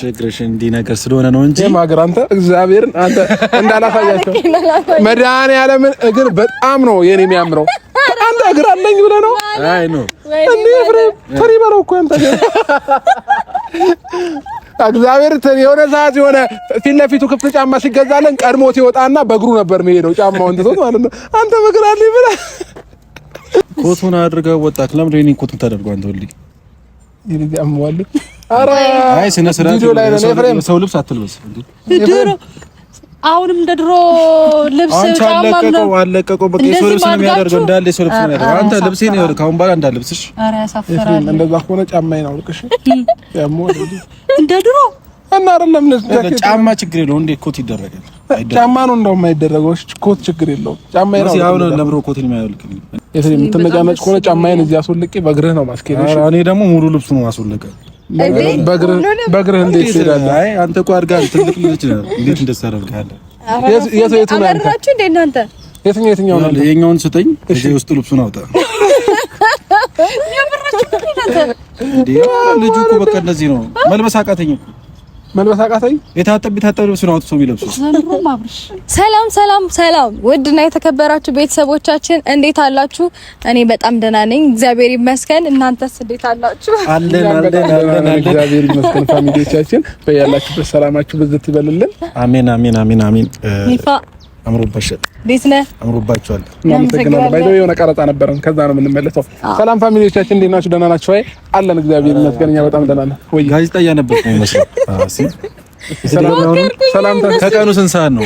ያስቸግረሽን እንዲህ ነገር ስለሆነ ነው እንጂ ማገር አንተ እግዚአብሔርን አንተ እንዳላሳያቸው መድኃኒዓለምን እግር በጣም ነው የኔ የሚያምረው። አንተ እግር አለኝ ብለህ ነው? አይ ነው እንዴ ፍሬም ፍሪ በለው እኮ አንተ እግዚአብሔር የሆነ ሰዓት የሆነ ፊት ለፊቱ ክፍት ጫማ ሲገዛለን ቀድሞት ይወጣና በእግሩ ነበር የሚሄደው ጫማውን ትቶት ማለት ነው። አንተ በእግር አለኝ ብለህ ኮቱን አድርገህ ወጣክ። ለምን የእኔን ኮቱን ታደርገው አንተ ይሄን ሁሌ አይ ስነ ስርዓት ሰው ልብስ አትልበስ። አሁንም እንደ ድሮ ልብስ አለቀቀው አለቀቀው። በቃ የሰው ልብስ ነው የሚያደርገው፣ እንዳለ የሰው ልብስ ነው ያደርገው። አንተ ልብሴን ይኸውልህ፣ ከአሁን በኋላ እንዳልብስሽ። ኧረ እንደዛ ከሆነ ጫማዬን አውልቅሽ። እንደ ድሮ እና አይደለም ጫማ ችግር የለውም። እንዴ ኮት ይደረጋል። ጫማ ነው እንደውም አይደረገው። ኮት ችግር የለውም። ጫማ ይራሱ ያው ነው። ለምሮ ኮት የምትነጫነጭ ከሆነ ጫማዬን እዚህ አስወልቄ በእግርህ ነው ማስኬድ። እኔ ደግሞ ሙሉ ልብሱ ነው በእግርህ እንዴት ትሄዳለህ? አንተ እኮ አድርገሃል። ትልቅ ልጅ ነህ። እንዴት እንደሰረብካለ አመራችሁ እንደ እናንተ የትኛው የትኛው ነው? የኛውን ስጠኝ። እዚህ ውስጥ ልብሱን አውጣ። ልጁ እኮ በቃ እንደዚህ ነው መልበስ አቃተኝ እኮ መልበስ አቃተኝ። የታጠብ የታጠብ ልብስ ነው አውጥቶ የሚለብሱ። ሰላም ሰላም ሰላም! ውድና የተከበራችሁ ቤተሰቦቻችን እንዴት አላችሁ? እኔ በጣም ደህና ነኝ እግዚአብሔር ይመስገን። እናንተስ እንዴት አላችሁ? አለን አለን አለን እግዚአብሔር ይመስገን። ፋሚሊዎቻችን በያላችሁበት ሰላማችሁ ብዝት ይበልልን። አሜን አሜን አሜን አሜን። አምሮባቸዋል። አምሮባቸዋል። የሆነ ቀረጻ ነበረን፣ ከዛ ነው የምንመለሰው። ሰላም ፋሚሊዎቻችን እንዴት ናችሁ? ደህና ናችሁ? አይ አለን፣ እግዚአብሔር ይመስገን፣ እኛ በጣም ደህና ነን። ወይ ጋዜጣ እያነበብኩ ነው ሰላም ከቀኑ ስንት ሰዓት ነው?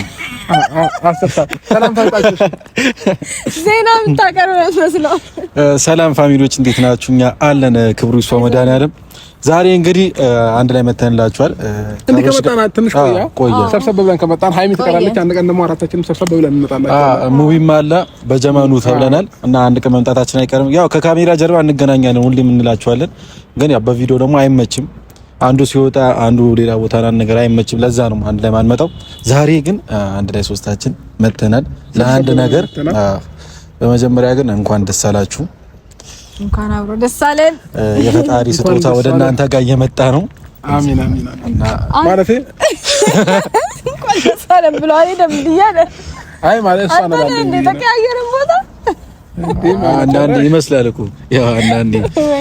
ሰላም ፋሚሊዎች እንዴት ናችሁ? እኛ አለን። ክብሩ ይስፋ መድኃኒዓለም ዛሬ እንግዲህ አንድ ላይ መተንላችኋል። ሰብሰብ ብለን ከመጣን ሃይሚ ትቀራለች። አንድ ቀን ደግሞ አራታችንም ሰብሰብ ብለን እንመጣለን። ሙቪም አለ በጀመኑ ተብለናል እና አንድ ቀን መምጣታችን አይቀርም። ያው ከካሜራ ጀርባ እንገናኛለን ሁሌም እንላችኋለን። ግን ያው በቪዲዮ ደግሞ አይመችም። አንዱ ሲወጣ አንዱ ሌላ ቦታ ናን ነገር አይመችም። ለዛ ነው አንድ ላይ ማንመጣው። ዛሬ ግን አንድ ላይ ሶስታችን መተናል ለአንድ ነገር። በመጀመሪያ ግን እንኳን ደስ አላችሁ እንኳን አብሮ ደስ አለን። የፈጣሪ ስጦታ ወደ እናንተ ጋር እየመጣ ነው። አሚን አሚን አሚን። ማለቴ እንኳን ደስ አለን ብሎ አይደለም ብያለ። አይ ማለት እሷ ነው ያለው እንዴ ተቀያየረ ቦታ አንዳንዴ ይመስላል እኮ ያው አንዳንዴ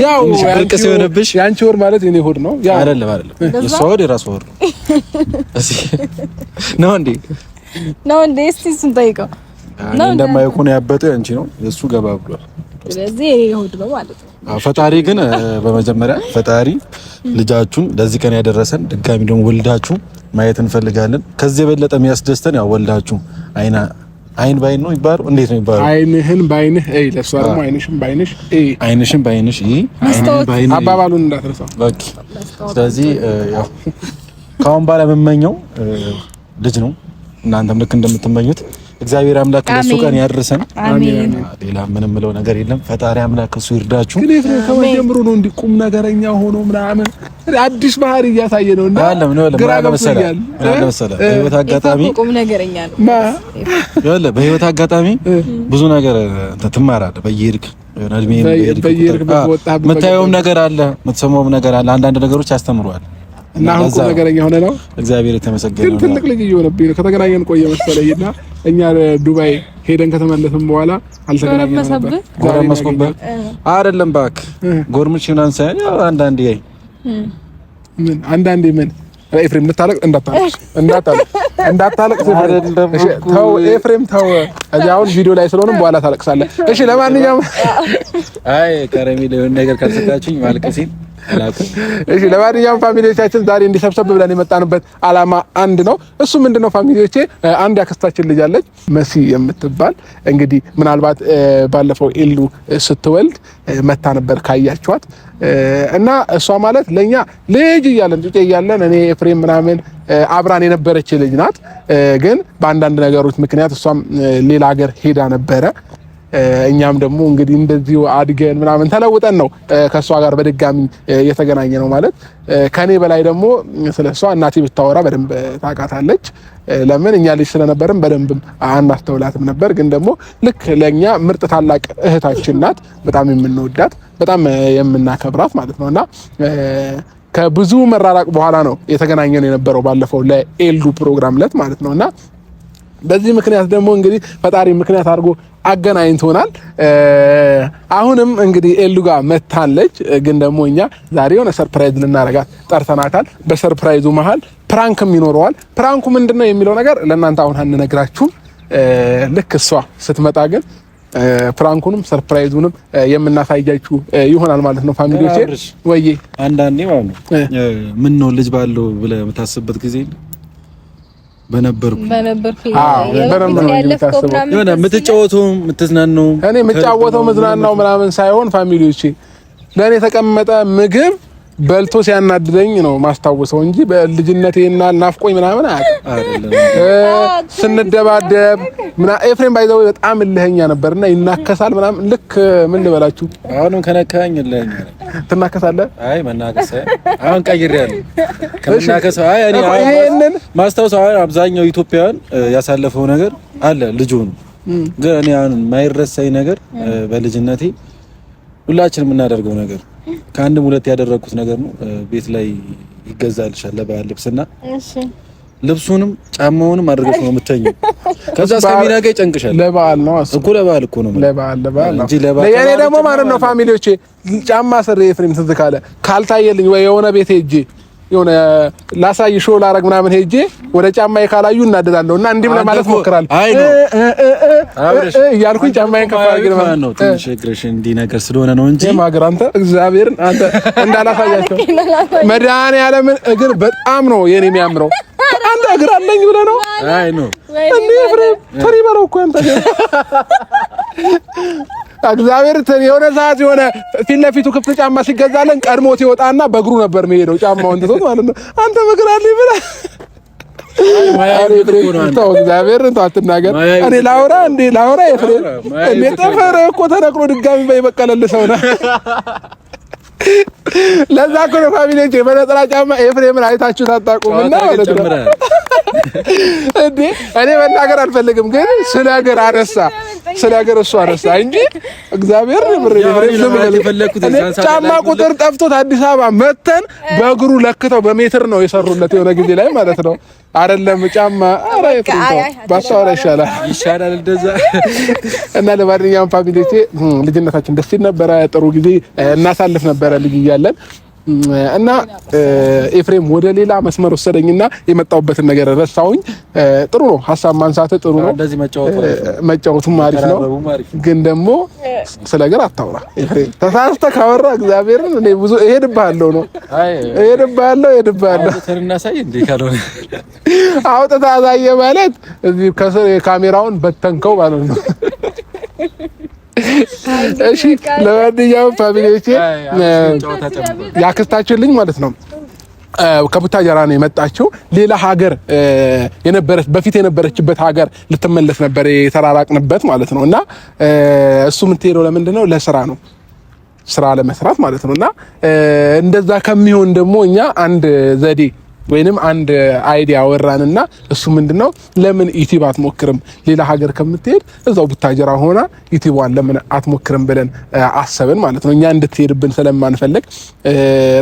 ያው ብርቅ ሲሆንብሽ የአንቺ ወር ማለት የኔ ሆድ ነው። ያው አይደለም አይደለም፣ የእሷ ወር የራሷ ወር ነው። እዚህ ነው እንዴ ነው እንዴ? እስቲ እሱን ጠይቀው። እንደማይሆን ያበጠ የአንቺ ነው፣ እሱ ገባ ብሏል። ነው ፈጣሪ ግን በመጀመሪያ ፈጣሪ ልጃችሁን ለዚህ ቀን ያደረሰን ድጋሚ ደግሞ ወልዳችሁ ማየት እንፈልጋለን። ከዚህ የበለጠ የሚያስደስተን ያው ወልዳችሁ አይና አይን ባይን ነው ይባላል። እንዴት ነው ይባላል? አይንህን ባይንህ እይ፣ ለሷ ደግሞ አይንሽን ባይንሽ እይ፣ አይንሽን ባይንሽ እይ፣ አይንህን ባይንሽ አባባሉን እንዳትረሳው። ኦኬ። ስለዚህ ያው ከአሁን በኋላ የምመኘው ልጅ ነው። እናንተም ልክ እንደምትመኙት እግዚአብሔር አምላክ ለሱ ቀን ያድርሰን። አሜን። ሌላ ምንም ምለው ነገር የለም። ፈጣሪ አምላክ እሱ ይርዳችሁ። ግን ኤፍሬም ከመጀመሩ ነው እንዲህ ቁም ነገረኛ ሆኖ ምናምን አዲስ ባህሪ እያሳየ ነው እና አለም ነው ለምን አለመሰለህ አለመሰለህ በህይወት አጋጣሚ ቁም ነገረኛ ነው ማ ያለ በህይወት አጋጣሚ ብዙ ነገር እንትን ትማራለህ በየሄድክ የሆነ እድሜ በየሄድክ የምታየውም ነገር አለ የምትሰማውም ነገር አለ። አንዳንድ ነገሮች ያስተምሩሃል እና አሁን ቁም ነገረኛ ሆነ ነው። እግዚአብሔር የተመሰገነ ነው። ትልቅ ልጅ እየሆነብኝ ነው። ከተገናኘን ቆየ መሰለኝ እና እኛ ዱባይ ሄደን ከተመለስን በኋላ አልተገናኘንም ነበር። አይደለም እባክህ፣ ጎርምሽ ምናምን ሳይሆን አንዳንዴ ምን አንዳንዴ ምን ኤፍሬም ልታለቅ እንዳታለቅ እንዳታለቅ እንዳታለቅ ተው ኤፍሬም ተው። እዚህ አሁን ቪዲዮ ላይ ስለሆነም በኋላ ታለቅሳለህ። እሺ ለማንኛውም አይ ከረሜላ ለሆነ ነገር ካልሰጣችሁኝ ማልቀሴን እሺ ለማንኛውም ፋሚሊዎቻችን ዛሬ እንዲሰብሰብ ብለን የመጣንበት አላማ አንድ ነው። እሱ ምንድነው ፋሚሊዎቼ፣ አንድ ያክስታችን ልጅ አለች መሲ የምትባል እንግዲህ ምናልባት ባለፈው ኤሉ ስትወልድ መታ ነበር ካያችኋት እና እሷ ማለት ለኛ ልጅ እያለን ጩጬ እያለን እኔ ኤፍሬም ምናምን አብራን የነበረች ልጅ ናት። ግን በአንዳንድ ነገሮች ምክንያት እሷም ሌላ ሀገር ሄዳ ነበረ እኛም ደግሞ እንግዲህ እንደዚሁ አድገን ምናምን ተለውጠን ነው ከእሷ ጋር በድጋሚ እየተገናኘ ነው ማለት። ከኔ በላይ ደግሞ ስለ እሷ እናቴ ብታወራ በደንብ ታውቃታለች። ለምን እኛ ልጅ ስለነበርም በደንብም አናስተውላትም ነበር። ግን ደግሞ ልክ ለእኛ ምርጥ ታላቅ እህታችን ናት። በጣም የምንወዳት በጣም የምናከብራት ማለት ነው እና ከብዙ መራራቅ በኋላ ነው የተገናኘን የነበረው ባለፈው ለኤልዱ ፕሮግራም ለት ማለት ነው እና በዚህ ምክንያት ደግሞ እንግዲህ ፈጣሪ ምክንያት አድርጎ አገናኝቶናል። አሁንም እንግዲህ ኤሉ ጋር መታለች፣ ግን ደግሞ እኛ ዛሬ የሆነ ሰርፕራይዝ ልናረጋት ጠርተናታል። በሰርፕራይዙ መሀል ፕራንክም ይኖረዋል። ፕራንኩ ምንድነው የሚለው ነገር ለእናንተ አሁን አንነግራችሁም። ልክ እሷ ስትመጣ ግን ፕራንኩንም ሰርፕራይዙንም የምናሳያችሁ ይሆናል ማለት ነው። ፋሚሊዎቼ ወይ አንዳንዴ ማለት ነው ምን ነው ልጅ ባለው ብለህ የምታስብበት ጊዜ በነበርኩ በነበርኩ የሆነ የምትጫወተው የምትዝናናው እኔ የምጫወተው መዝናናው ምናምን ሳይሆን ፋሚሊዎቼ ለእኔ የተቀመጠ ምግብ በልቶ ሲያናድደኝ ነው ማስታወሰው እንጂ በልጅነቴና ናፍቆኝ ምናምን አይደለም። ስንደባደብ ምና ኤፍሬም ባይዘው በጣም እልህኛ ነበርና ይናከሳል ምናምን። ልክ ምን ልበላችሁ፣ አሁንም ከነካኝ እልህኛ ትናከሳለህ። አይ መናከሰ አሁን ቀይሬያለሁ። ከመናከስ አይ እኔ አሁን ማስታወስ አሁን አብዛኛው ኢትዮጵያውያን ያሳለፈው ነገር አለ ልጁ ግን እኔ አሁን የማይረሳኝ ነገር በልጅነቴ ሁላችንም የምናደርገው ነገር ከአንድም ሁለት ያደረግኩት ነገር ነው። ቤት ላይ ይገዛልሻል ለበዓል ልብስና ልብሱንም ጫማውንም አድርገሽ ነው የምትተኘው። ከዛ እስከሚነጋ ይጨንቅሻል። ለበዓል ነው እኮ ለበዓል እኮ ነው ለበዓል ለበዓል እንጂ ለበዓል ለያኔ ደግሞ ማለት ነው ፋሚሊዎቼ ጫማ ስሬ ኤፍሬም ትዝ ካለ ካልታየልኝ ወይ የሆነ ቤት ሄጄ የሆነ ላሳይ ሾ ላረግ ምናምን ሄጄ ወደ ጫማዬ ካላዩ እናደዳለሁ እና እንዲም ለማለት ሞክራለሁ እያልኩኝ ጫማዬን ከፍ አድርጌ ማለት ነው። ትንሽ እግርሽ እንዲህ ነገር ስለሆነ ነው እንጂ ማገር አንተ እግዚአብሔርን አንተ እንዳላሳያቸው መድኃኔዓለምን እግር በጣም ነው የኔ የሚያምረው አንተ እግር አለኝ ብለህ ነው? አይ ነው እንዴ ኤፍሬም ተሪ በለው እኮ አንተ እግዚአብሔር የሆነ ሰዓት የሆነ ፊት ለፊቱ ክፍት ጫማ ሲገዛለን ቀድሞት ይወጣና በእግሩ ነበር የሚሄደው ጫማውን ትቶት ማለት ነው። አንተ በእግር አለኝ ብለህ እግዚአብሔር አትናገር። እኔ ላውራ እንዴ ላውራ ኤፍሬም፣ እኔ ጥፍር እኮ ተነቅሎ ድጋሚ በይበቀለልህ ሰው ነህ ለዛ እኮ ነው ፋሚሊዎች በነጠላ ጫማ ኤፍሬምን አይታችሁ ታጣቁም እና ማለት ነው እንዴ እኔ መናገር አልፈልግም ግን ስነግር አነሳ ስለ ሀገር እሱ አነሳ እንጂ እግዚአብሔር ብር ጫማ ቁጥር ጠፍቶት አዲስ አበባ መተን በእግሩ ለክተው በሜትር ነው የሰሩለት የሆነ ጊዜ ላይ ማለት ነው። አይደለም ጫማ አረ ይፈንታው ባሳወራ ይሻላል ይሻላል እንደዛ። እና ለማንኛውም ፋሚሊዎቼ ልጅነታችን ደስ ይል ነበረ። ጥሩ ጊዜ እናሳልፍ ነበረ ልጅ እያለን እና ኤፍሬም ወደ ሌላ መስመር ወሰደኝና የመጣሁበትን ነገር ረሳሁኝ። ጥሩ ነው፣ ሀሳብ ማንሳት ጥሩ ነው፣ እንደዚህ መጫወቱም አሪፍ ነው። ግን ደግሞ ስለ እግር አታውራ ኤፍሬም። ተሳስተህ ካወራ እግዚአብሔርን እኔ ብዙ እሄድብሃለሁ ነው እሄድብሃለሁ፣ እሄድብሃለሁ። አውጥተህ አሳየህ ማለት እዚህ ከስር ካሜራውን በተንከው ማለት ነው። እሺ ለማንኛውም ፋሚሊዎቼ ያክስታችሁልኝ ማለት ነው ከቡታጀራ ነው የመጣችው። ሌላ ሀገር የነበረች በፊት የነበረችበት ሀገር ልትመለስ ነበር የተራራቅንበት ማለት ነው። እና እሱ የምትሄደው ለምንድን ነው? ለስራ ነው ስራ ለመስራት ማለት ነው። እና እንደዛ ከሚሆን ደግሞ እኛ አንድ ዘዴ ወይንም አንድ አይዲያ ወራንና እሱ ምንድነው ለምን ዩቲዩብ አትሞክርም? ሌላ ሀገር ከምትሄድ እዛው ቡታጀራ ሆና ዩቲዩብዋን ለምን አትሞክርም ብለን አሰብን ማለት ነው። እኛ እንድትሄድብን ስለማንፈልግ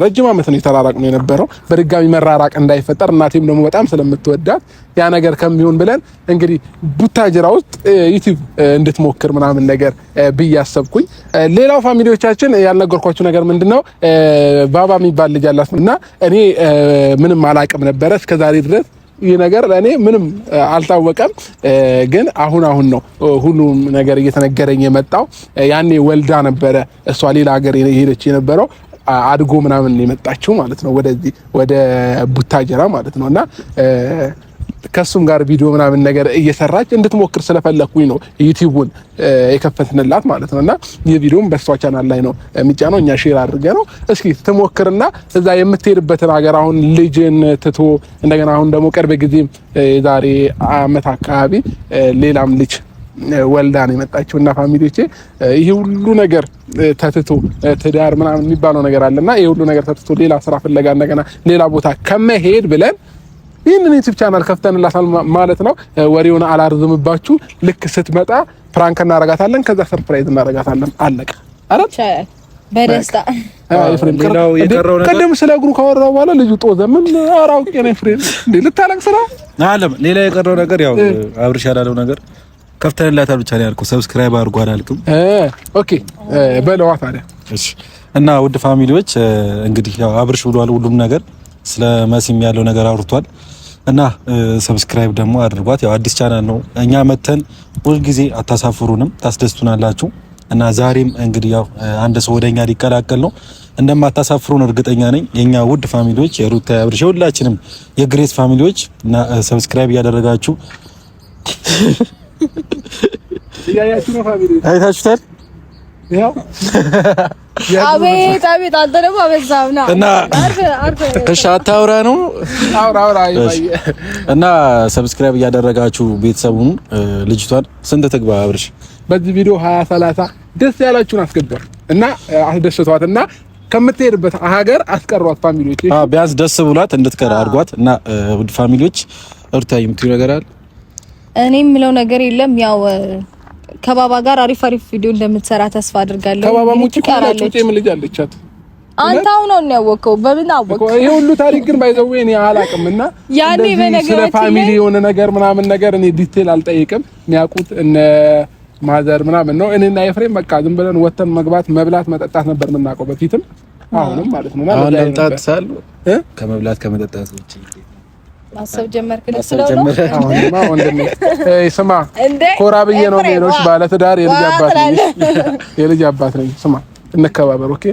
ረጅም ዓመት ነው የተራራቅ ነው የነበረው። በድጋሚ መራራቅ እንዳይፈጠር እናቴም ደግሞ በጣም ስለምትወዳት ያ ነገር ከሚሆን ብለን እንግዲህ ቡታጅራ ውስጥ ዩቲዩብ እንድትሞክር ምናምን ነገር ብያሰብኩኝ። ሌላው ፋሚሊዎቻችን ያልነገርኳችሁ ነገር ምንድነው ባባ የሚባል ልጅ አላት እና እኔ ምንም አላቅም ነበረ እስከዛሬ ድረስ ይህ ነገር ለእኔ ምንም አልታወቀም። ግን አሁን አሁን ነው ሁሉም ነገር እየተነገረኝ የመጣው። ያኔ ወልዳ ነበረ እሷ ሌላ ሀገር ሄደች የነበረው አድጎ ምናምን የመጣችው ማለት ነው ወደዚህ ወደ ቡታጀራ ማለት ነው እና ከሱም ጋር ቪዲዮ ምናምን ነገር እየሰራች እንድትሞክር ስለፈለኩኝ ነው ዩቲዩቡን የከፈትንላት ማለት ነውና ቪዲዮም በእሷ ቻናል ላይ ነው የሚጫነው። እኛ ሼር አድርገ ነው እስኪ ትሞክርና እዛ የምትሄድበትን ሀገር አሁን ልጅን ትቶ እንደገና አሁን ደግሞ ቅርብ ጊዜ የዛሬ አመት አካባቢ ሌላም ልጅ ወልዳ ነው የመጣችው እና ፋሚሊዎቼ ይህ ሁሉ ነገር ተትቶ ትዳር ምናምን የሚባለው ነገር አለና ይህ ሁሉ ነገር ተትቶ ሌላ ስራ ፍለጋ እንደገና ሌላ ቦታ ከመሄድ ብለን ይህንን ዩቲዩብ ቻናል ከፍተንላታል ማለት ነው። ወሬውን አላርዝምባችሁ። ልክ ስትመጣ ፕራንክ እናረጋታለን፣ ከዛ ሰርፕራይዝ እናረጋታለን። አለቀ አራት ቅድም ስለ እግሩ ካወራሁ በኋላ ልጁ ጦዘ። ምን አራውቄ ነው ፍሬ ልታለቅ ስራ አለም። ሌላ የቀረው ነገር ያው አብርሽ ያላለው ነገር ከፍተንላታል ብቻ ነው ያልኩ። ሰብስክራይብ አድርጎ አላልኩም። ኦኬ በለዋ ታዲያ። እና ውድ ፋሚሊዎች እንግዲህ ያው አብርሽ ብሏል ሁሉም ነገር ስለ መሲም ያለው ነገር አውርቷል እና ሰብስክራይብ ደግሞ አድርጓት። ያው አዲስ ቻናል ነው። እኛ መተን ሁልጊዜ አታሳፍሩንም፣ ታስደስቱናላችሁ። እና ዛሬም እንግዲህ ያው አንድ ሰው ወደኛ ሊቀላቀል ነው። እንደማታሳፍሩን እርግጠኛ ነኝ። የኛ ውድ ፋሚሊዎች የሩታ ያብርሽ፣ ሁላችንም የግሬስ ፋሚሊዎች እና ሰብስክራይብ እያደረጋችሁ አይታችሁታል። ያው አቤት አቤት፣ አንተ ደግሞ አበዛህም። ና እና እሺ፣ አታውራ ነው አውራ አውራ። እና ሰብስክራይብ እያደረጋችሁ ቤተሰቡን ልጅቷን ስንት ትግባ አብርሽ? በዚህ ቪዲዮ 20 30 ደስ ያላችሁን አስገባል እና አስደስቷት እና ከምትሄድበት ሀገር አስቀሯት። ፋሚሊዎች አ ቢያንስ ደስ ብሏት እንድትቀር አድርጓት እና ውድ ፋሚሊዎች እርታ የምትዩ ነገር አለ። እኔ የምለው ነገር የለም ያው ከባባ ጋር አሪፍ አሪፍ ቪዲዮ እንደምትሰራ ተስፋ አድርጋለሁ። ከባባ ሙጪ ካላችሁ ጤም ልጅ አለቻት። አንተ አሁን ነው ያወቀው። በምን አወቀው? ይሄ ሁሉ ታሪክ ግን ባይዘው እኔ አላውቅም። እና ያኔ በነገር ፋሚሊ የሆነ ነገር ምናምን ነገር እኔ ዲቴል አልጠይቅም። የሚያውቁት እነ ማዘር ምናምን ነው። እኔና ኤፍሬም በቃ ዝም ብለን ወተን መግባት፣ መብላት፣ መጠጣት ነበር የምናውቀው በፊትም አሁንም ማለት ነው። አሁን ለምጣት ሳል ከመብላት ከመጠጣት ውጪ ማሰብ ጀመርክ። ስማ ኮራ ብዬ ነው ሜኖች ባለ ትዳር የልጅ አባት ነኝ። ስማ እንከባበር። ኦኬ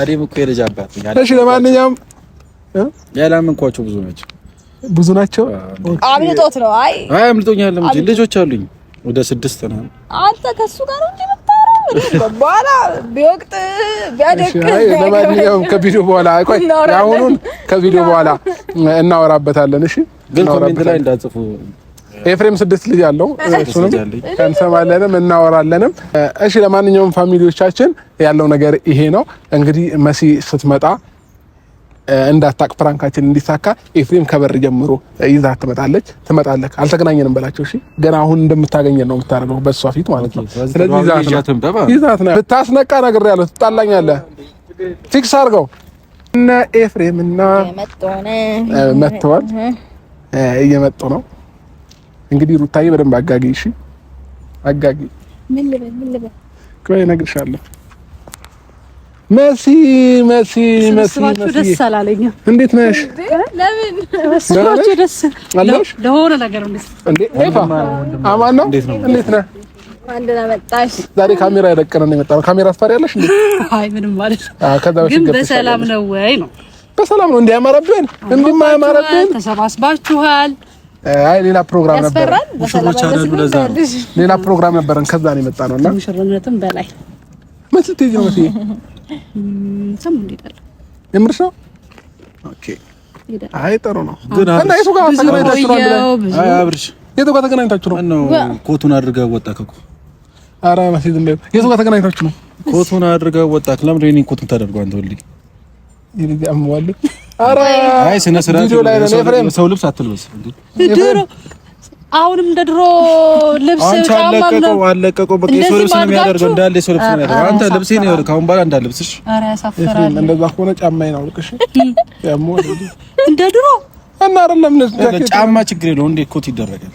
አሪም እኮ የልጅ አባት ነኝ። እሺ ለማንኛውም ያላመንኳቸው ብዙ ናቸው፣ ብዙ ናቸው። አምልጦት ነው። አይ አይ አምልጦኛል። ልጆች አሉኝ ወደ ስድስት ነው። አንተ ከሱ ጋር ነው እንጂ በኋላ ቢወቅጥ ቢያደቅ። ለማንኛውም ከቪዲዮ በኋላ ቆይ፣ አሁኑን ከቪዲዮ በኋላ እናወራበታለን። እሺ፣ ግን ኮሜንት ላይ እንዳጽፉ። ኤፍሬም ስድስት ልጅ አለው። እሱንም እንሰማለንም እናወራለንም። እሺ፣ ለማንኛውም ፋሚሊዎቻችን ያለው ነገር ይሄ ነው። እንግዲህ መሲ ስትመጣ እንዳታቅ ፕራንካችን እንዲሳካ ኤፍሬም ከበር ጀምሮ ይዛ ትመጣለች። ትመጣለህ አልተገናኘንም በላቸው። እሺ ገና አሁን እንደምታገኘ ነው የምታደርገው፣ በእሷ ፊት ማለት ነው። ስለዚህ ይዛት ነው ብታስነቃ፣ ነገር ነግሬያለሁ፣ ትጣላኛለህ። ፊክስ አድርገው እነ ኤፍሬም እና መጥተዋል፣ እየመጡ ነው። እንግዲህ ሩታዬ በደንብ አጋጊ። እሺ አጋጊ ምን ልበል ምን ልበል እነግርሻለሁ መሲ መሲ መሲ ደስ አላለኝም። እንዴት ነሽ? ለምን ስራቹ ደስ አለሽ? ለሆነ ነገር አማን ነው። እንዴት ነህ? ዛሬ ካሜራ የደቀነን የመጣ ነው። ካሜራ አስፈሪ ያለሽ እንዴ? አይ ምንም ማለት ግን በሰላም ነው ወይ ነው? በሰላም ነው። እንዲያማረብን እንዲማያማረብን ተሰባስባችኋል። አይ ሌላ ፕሮግራም ነበር። ሌላ ፕሮግራም ነበረን ከዛ ነው የመጣ ነውና ምን ስትይዝ ነው መስዬ ሰሞኑን እንሄዳለን። የምርሽ ነው? ኦኬ አይ ጥሩ ነው ግን እና የቱ ጋር ተገናኝታችሁ ነው? አይ አብርሽ የቱ ጋር ተገናኝታችሁ ነው? ኮቱን አድርጋ መስዬ ዝም በይው። የቱ ጋር ተገናኝታችሁ ነው? ኮቱን አድርጋ ኮቱን አንተ አይ ስነ ስርዓት ሰው ልብስ አትልበስ አሁንም እንደ ድሮ ልብስ ጫማ አለቀቀው። በቃ የሰው ልብስ ነው የሚያደርገው እንዳለ የሰው ልብስ ነው የሚያደርገው። አንተ ልብሴ ነው ይወልከ አሁን በኋላ እንዳልብስሽ። ኧረ ያሳፍራል። እንደዛ ከሆነ ጫማዬን አውልቅሽ። ያሞ እንደ ድሮ እና አይደለም ጫማ ችግር የለውም እንዴ? ኮት ይደረጋል።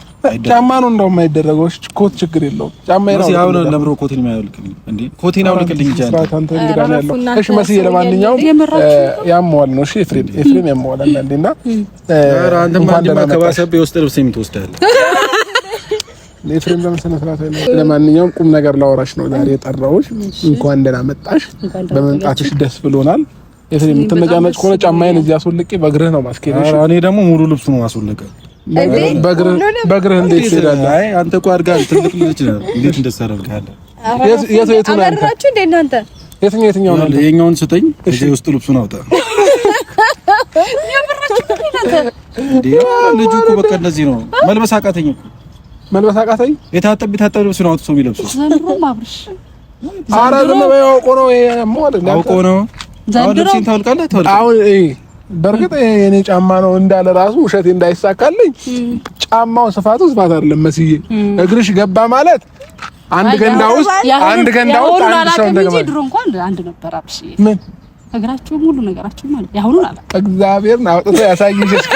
ጫማ ነው እንደውም አይደረገው። እሺ ኮት ችግር የለውም። ጫማ ነው ያው ነው ኮት ነው ማያወልቅልኝ እንዴ? ኮቴን አውልቅልኝ እንጂ አንተ እንግዳ ነው ያለው። እሺ መስዬ፣ ለማንኛውም ያመዋል ነው። እሺ ኤፍሬም፣ ኤፍሬም ያመዋል አንዳንዴ እና አንተማ እንደማከባሰብ የውስጥ ልብስ የምትወስዳለህ ኤፍሬም በመሰነ ስርዓት ለማንኛውም ቁም ነገር ላወራሽ ነው ዛሬ የጠራሁሽ። እንኳን ደህና መጣሽ። በመምጣትሽ ደስ ብሎናል። የት የምትነጫነጭ ከሆነ ጫማዬን እዚህ አስወልቄ በእግርህ ነው ማስኬድ። እኔ ደግሞ ሙሉ ልብሱ ነው ማስወልቀ በእግርህ እንዴት ትሄዳለህ? አይ አንተ እኮ አድጋለህ፣ ትልቅ ልጅ ነህ። እንዴት እንደት ታደርጋለህ? የት የቱን አብራችሁ እንደ እናንተ የትኛው የትኛው ነው? የኛውን ስጠኝ፣ እዚህ ውስጥ ልብሱን አውጣ። ልጁ እኮ በቃ እንደዚህ ነው። መልበስ አቃተኝ እኮ መልበስ አቃተኝ። የታጠብ የታጠብ ልብስ ነው አውጥቶ የሚለብሱ አውቆ ነው በእርግጥ የኔ ጫማ ነው እንዳለ ራሱ ውሸት እንዳይሳካልኝ ጫማው ስፋቱ ስፋት አይደለም መስዬ እግርሽ ገባ ማለት አንድ ገንዳ ውስጥ አንድ ገንዳ ውስጥ አንድ ሰው እንደገና ድሮ እንኳን አንድ ነበር። አብሽ ምን እግራቸው ሙሉ ነገራቸው ማለት ያሁኑን አላውቅም። እግዚአብሔርን አውጥቶ ያሳይሽ እስኪ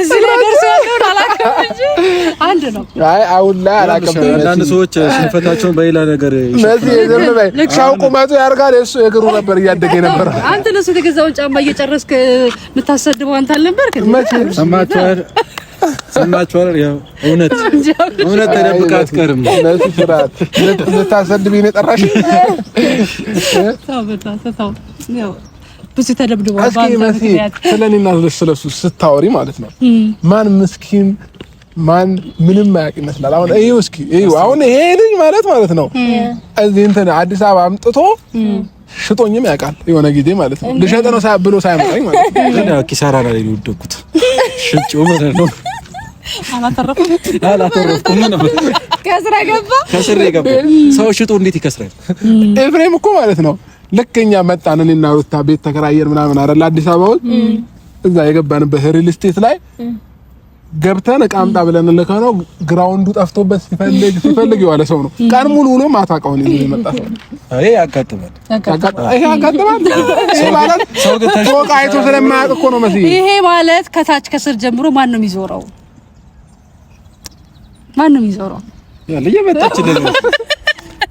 እዚህ ላይ ደርሶ ያለውን አላውቅም እንጂ አንድ ነው። አይ አሁን ላይ አላውቅም። አንዳንድ ሰዎች ሽንፈታቸውን በሌላ ነገር ሻው ቁመቱ ያርጋል። እሱ እግሩ ነበር እያደገ ነበር። አንተ ነው የተገዛውን ጫማ እየጨረስክ የምታሰድበው አንተ አልነበርክ? ሰማችኋል፣ ሰማችኋል። ያው እውነት እውነት ተደብቃ አትቀርም። ልታሰድብ ነው የጠራሽ። ተው በእናትህ ተው። ብዙ ተደብድቧል። ስለኔና ስለሱ ስታወሪ ማለት ነው ማን ምስኪን ማን ምንም አያውቅ ይመስላል። አሁን እዩ እስኪ እዩ አሁን ይሄ ልጅ ማለት ማለት ነው እዚህ እንትን አዲስ አበባ አምጥቶ ሽጦኝም ያውቃል የሆነ ጊዜ ማለት ነው ልሸጥ ነው ብሎ ሳያመጣኝ ማለት ነው ኪሳራ ላይ ነው የወደኩት። ሽጬው ማለት ነው አላተረፍኩም ከስራ ገባ ከስራ ገባ ሰው ሽጦ እንዴት ይከስራል? ኤፍሬም እኮ ማለት ነው ልክ እኛ መጣን እኔና ሩታ ቤት ተከራየን ምናምን አይደል አዲስ አበባ ውስጥ እዛ የገባንበት ሪል ስቴት ላይ ገብተን እቃ አምጣ ብለን ልከ ነው ግራውንዱ ጠፍቶበት ሲፈልግ ሲፈልግ የዋለ ሰው ነው። ቀን ሙሉ ውሎ ማታቀው ነው ይዞ የመጣ ሰው አይ ያጋጥማል፣ ያጋጥማል። ይሄ ማለት ሰው ፎቅ አይቶ ስለማያውቅ ነው መስዬ። ይሄ ማለት ከታች ከስር ጀምሮ ማን ነው የሚዞረው? ማን ነው የሚዞረው? ያለ እየመጣች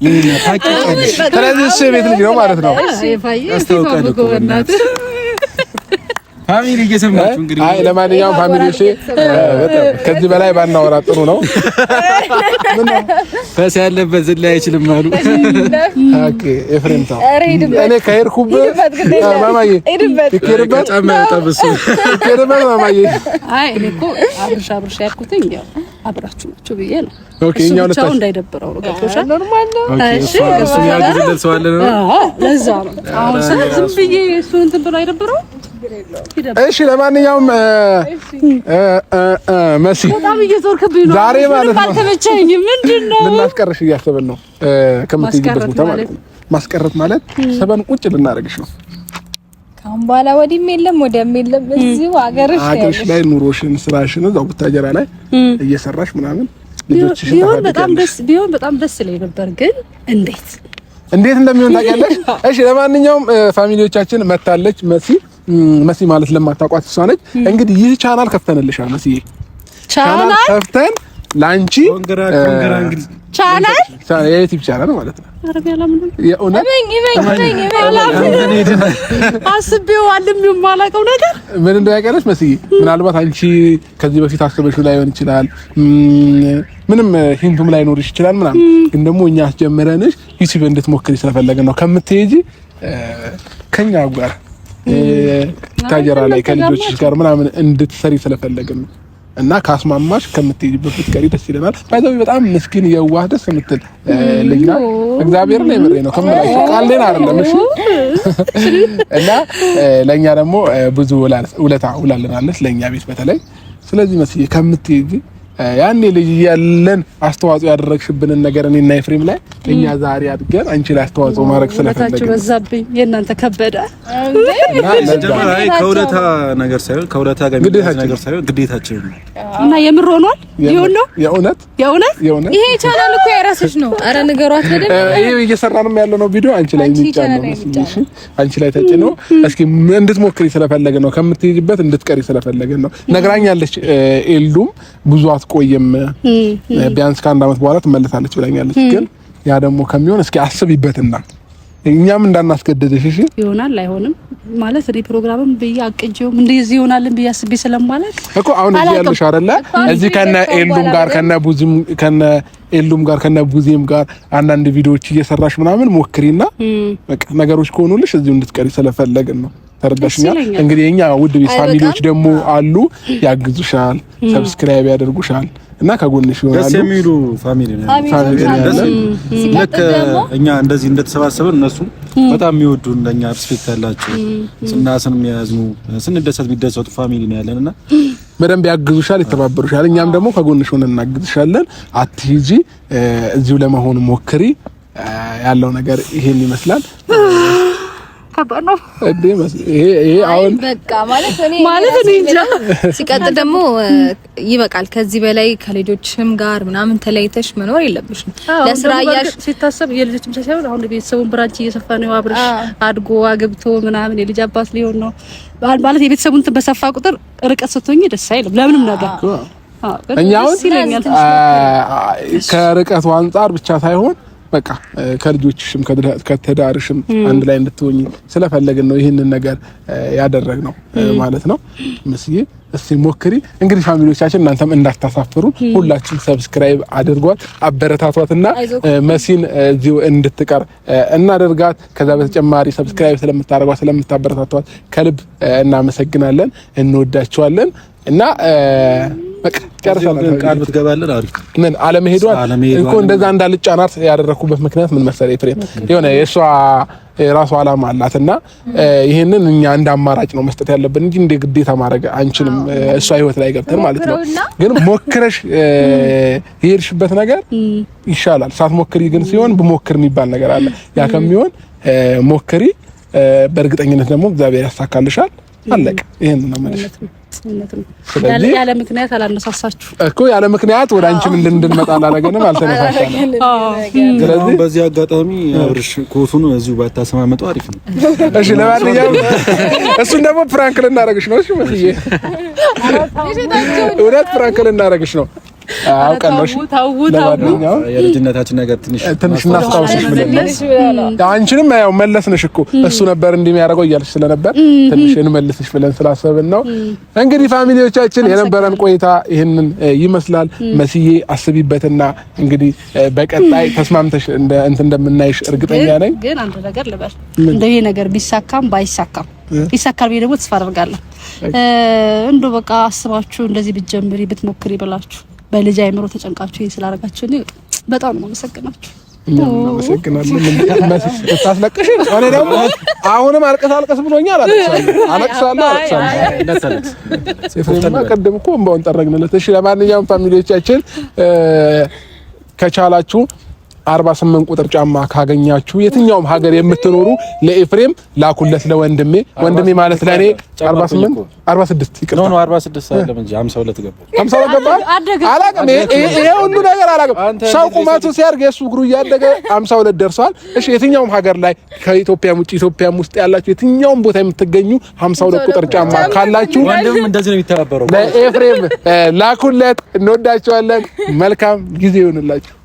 ቤት ልጅ ነው ማለት ነው። ፋሚሊ እየሰማችሁ እንግዲህ። አይ ለማንኛውም ፋሚሊ እሺ፣ ከዚህ በላይ ባናወራ ጥሩ ነው። ፈስ ያለበት ዝላ አይችልም አሉ። ኦኬ ማማዬ አይ እኔ እኮ አብርሽ አብርሽ ያልኩትኝ ያው አብራችሁ ናችሁ ብዬ ነው። ኦኬ እኛ ሁለታችሁ እንዳይደብረው ነው። ገብቶሻል? ኖርማል ነው። እሺ እሱ ያግዝለት ሰው አለ ነው። አዎ ለዛ ነው። አሁን ዝም ብዬ እሱ እንትን ብሎ አይደብረው። እሺ ለማንኛውም መሲ በጣም እየዞርክብኝ ነው ዛሬ ማለት ነው። አልተመቸኝም። ምንድን ነው ልናስቀርሽ እያሰብን ነው ከምትይበት ቦታ ማለት ነው። ማስቀረት ማለት ሰበን ቁጭ ልናደርግሽ ነው አሁን በኋላ ወዲህም የለም ወዲያም የለም። እዚሁ አገርሽ አገርሽ ላይ ኑሮሽን፣ ስራሽን እዛው ቡታጀራ ላይ እየሰራሽ ምናምን ቢሆን በጣም ደስ ቢሆን በጣም ደስ ላይ ነበር፣ ግን እንዴት እንዴት እንደሚሆን ታውቂያለሽ። እሺ ለማንኛውም ፋሚሊዎቻችን መታለች። መሲ መሲ ማለት ለማታውቋት እሷ ነች። እንግዲህ ይህ ቻናል ከፍተንልሻል መሲ ቻናል ከፍተን ለአንቺ የዩቲዩብ ቻናል ማለት ነው። አስቤው አልሜውም አላውቀው ነገር ምን እንደው ያቀረች መስዬ ምናልባት አንቺ ከዚህ በፊት አስበሽው ላይሆን ይችላል። ምንም ሂንቱም ላይኖርሽ ይችላል ምናምን፣ ግን ደግሞ እኛ አስጀምረንሽ ዩቲብ እንድትሞክሪ ስለፈለግን ነው ከምትሄጂ ከኛ ጋር ታጀራ ላይ ከልጆች ጋር ምናምን እንድትሰሪ ስለፈለግን ነው። እና ካስማማሽ ከምትሄጂበት ብትቀሪ ደስ ይለናል። ባይዘው በጣም ምስኪን የዋህ ደስ የምትል ልጅ ናት። እግዚአብሔር ነው የምሬ ነው ከምላችሁ ቃሌን አይደለም። እሺ እና ለኛ ደግሞ ብዙ ውለታ ውላለናለች ለኛ ቤት በተለይ ስለዚህ መስዬ ከምትሄጂ ያኔ ልጅ ያለን አስተዋጽኦ ያደረግሽብንን ነገር እኔና ኤፍሬም ላይ እኛ ዛሬ አድገን አንቺ ላይ አስተዋጽኦ ማድረግ ስለፈለግን በዛብኝ። የእናንተ ከበደ ከውለታ ነገር ሳይሆን ከውለታ ጋር ነገር ሳይሆን ግዴታችን እና የምር ሆኗል። ይሁን ነው የእውነት የእውነት የእውነት ይሄ ቻናል እኮ የራስሽ ነው። አረ ንገሯት በደንብ። ይሄ እየሰራንም ያለ ነው ቪዲዮ አንቺ ላይ የሚጫነው አንቺ ላይ ተጭኖ እስኪ እንድትሞክሪ ስለፈለግን ነው። ከምትሄጂበት እንድትቀሪ ስለፈለግን ነው። ነግራኛለች። ኤልዱም ብዙ አት አትቆይም፣ ቢያንስ ከአንድ አመት በኋላ ትመለሳለች ብላኛለች። ግን ያ ደግሞ ከሚሆን እስኪ አስቢበትና እኛም እንዳናስገደደሽ እሺ። ይሆናል አይሆንም ማለት ሪፕሮግራምም ብዬ አቅጄው እንደዚህ ይሆናልን ብዬ አስቤ ስለማላውቅ እኮ አሁን እዚህ ያለሽ አይደለ? እዚህ ከነ ኤልዱም ጋር ከነ ቡዚም ከነ ኤልዱም ጋር ከነ ቡዚም ጋር አንዳንድ ቪዲዮዎች እየሰራሽ ምናምን ሞክሪና በቃ ነገሮች ከሆኑልሽ እዚሁ እንድትቀሪ ስለፈለግን ነው። ተረዳሽኛል። እንግዲህ የኛ ውድ ቤት ፋሚሊዎች ደግሞ አሉ፣ ያግዙሻል፣ ሰብስክራይብ ያደርጉሻል እና ከጎንሽ ይሆናሉ። ደስ የሚሉ ፋሚሊ ነው። ልክ እኛ እንደዚህ እንደተሰባሰብን እነሱ በጣም የሚወዱ እንደኛ ሪስፔክት ያላቸው ስናስን የሚያዝኑ ስንደሰት የሚደሰቱ ፋሚሊ ነው ያለን እና በደንብ ያግዙሻል፣ ይተባበሩሻል። እኛም ደግሞ ከጎንሽ ሆነን እናግዝሻለን። አትሂጂ፣ እዚሁ ለመሆን ሞክሪ። ያለው ነገር ይሄን ይመስላል። ከባድ ነው እንዴ? ይሄ አሁን በቃ ማለት እኔ ማለት እኔ እንጃ። ሲቀጥል ደግሞ ይበቃል። ከዚህ በላይ ከልጆችም ጋር ምናምን ተለይተሽ መኖር የለብሽም። ለስራ እያልሽ ሲታሰብ የልጆች ሳይሆን አሁን ቤተሰቡን ብራንች እየሰፋ ነው። አብረሽ አድጎ አግብቶ ምናምን የልጅ አባት ሊሆን ነው ማለት እንትን በሰፋ ቁጥር ርቀት ስትሆኝ ደስ አይልም ለምንም ነገር ከርቀቱ አንጻር ብቻ ሳይሆን በቃ ከልጆችሽም ከትዳርሽም አንድ ላይ እንድትሆኝ ስለፈለግን ነው ይህንን ነገር ነው ማለት ነው። ምስዬ እስቲ ሞክሪ እንግዲህ ፋሚሊዎቻችን፣ እናንተም እንዳታሳፍሩ ሁላችሁም ሰብስክራይብ አድርጓት፣ አበረታቷት እና መሲን እዚሁ እንድትቀር እናደርጋት። ከዛ በተጨማሪ ሰብስክራይብ ስለምታደርጓት ስለምታበረታቷት ከልብ እናመሰግናለን፣ እንወዳችኋለን እና ቃል ብትገባልን አሪፍ ምን አለመሄዷን እኮ እንደዛ እንዳልጫናት ያደረኩበት ምክንያት ምን መሰለህ ኤፍሬም፣ የሆነ የእሷ የራሷ ዓላማ አላት እና ይህንን እኛ እንደ አማራጭ ነው መስጠት ያለብን እንጂ እንደ ግዴታ ማድረግ አንችልም። እሷ ህይወት ላይ ገብተን ማለት ነው። ግን ሞክረሽ የሄድሽበት ነገር ይሻላል። ሳትሞክሪ ግን ሲሆን ብሞክር የሚባል ነገር አለ። ያ ከሚሆን ሞክሪ፣ በእርግጠኝነት ደግሞ እግዚአብሔር ያሳካልሻል። አለቀ። ይህን ነው የምልሽ። እውነት ስለዚህ ያለ ምክንያት አላነሳሳችሁ እኮ ያለ ምክንያት ወደ አንቺም እንድንመጣ አላደረገንም፣ አልተነሳሳንም። ስለዚህ በዚህ አጋጣሚ አብርሽ ኮቱን እዚሁ ባታሰማመጡ አሪፍ ነው። እሺ፣ ለማንኛውም እሱን ደግሞ ፕራንክ ልናደርግሽ ነው። እሺ፣ መስዬ እውነት ፕራንክ ልናደርግሽ ነው። አውቀኖሽ ለማንኛውም የልጅነታችን ነገር ትንሽ ትንሽ እናስታውስሽ። ምን አንቺንም ያው መለስንሽ እኮ እሱ ነበር እንዲህ የሚያደርገው እያልሽ ስለነበር ትንሽ እንመልስሽ ብለን ስላሰብን ነው። እንግዲህ ፋሚሊዎቻችን የነበረን ቆይታ ይህንን ይመስላል። መስዬ አስቢበትና እንግዲህ በቀጣይ ተስማምተሽ እንትን እንደምናይሽ እርግጠኛ ነኝ። ግን አንድ ነገር ልበል፣ እንደው ይሄ ነገር ቢሳካም ባይሳካም ይሳካል ብዬ ደግሞ ተስፋ አደርጋለሁ። እንደው በቃ አስባችሁ እንደዚህ ብትጀምሪ ብትሞክሪ ብላችሁ በልጅ አይምሮ ተጨንቃችሁ ይሄን ስላደረጋችሁ በጣም ነው አመሰግናችሁ። አሁንም አልቀስ አልቀስ ብሎኛል። አለቅሳለሁ አለቅሳለሁ። ቅድም እኮ እንባውን ጠረግንለት። እሺ ለማንኛውም ፋሚሊዎቻችን ከቻላችሁ 48 ቁጥር ጫማ ካገኛችሁ የትኛውም ሀገር የምትኖሩ ለኤፍሬም ላኩለት፣ ለወንድሜ ወንድሜ ማለት ለኔ 48 46 ይቅርታ፣ 46 አይደለም እንጂ 52 52 ይሄ ሁሉ ነገር ሰው ቁመቱ የሱ እግሩ እያደገ 52 ደርሷል። እሺ፣ የትኛውም ሀገር ላይ ከኢትዮጵያም ውጪ ውስጥ ያላችሁ የትኛውም ቦታ የምትገኙ 52 ቁጥር ጫማ ካላችሁ ለኤፍሬም ላኩለት። እንወዳቸዋለን። መልካም ጊዜ ይሁንላችሁ።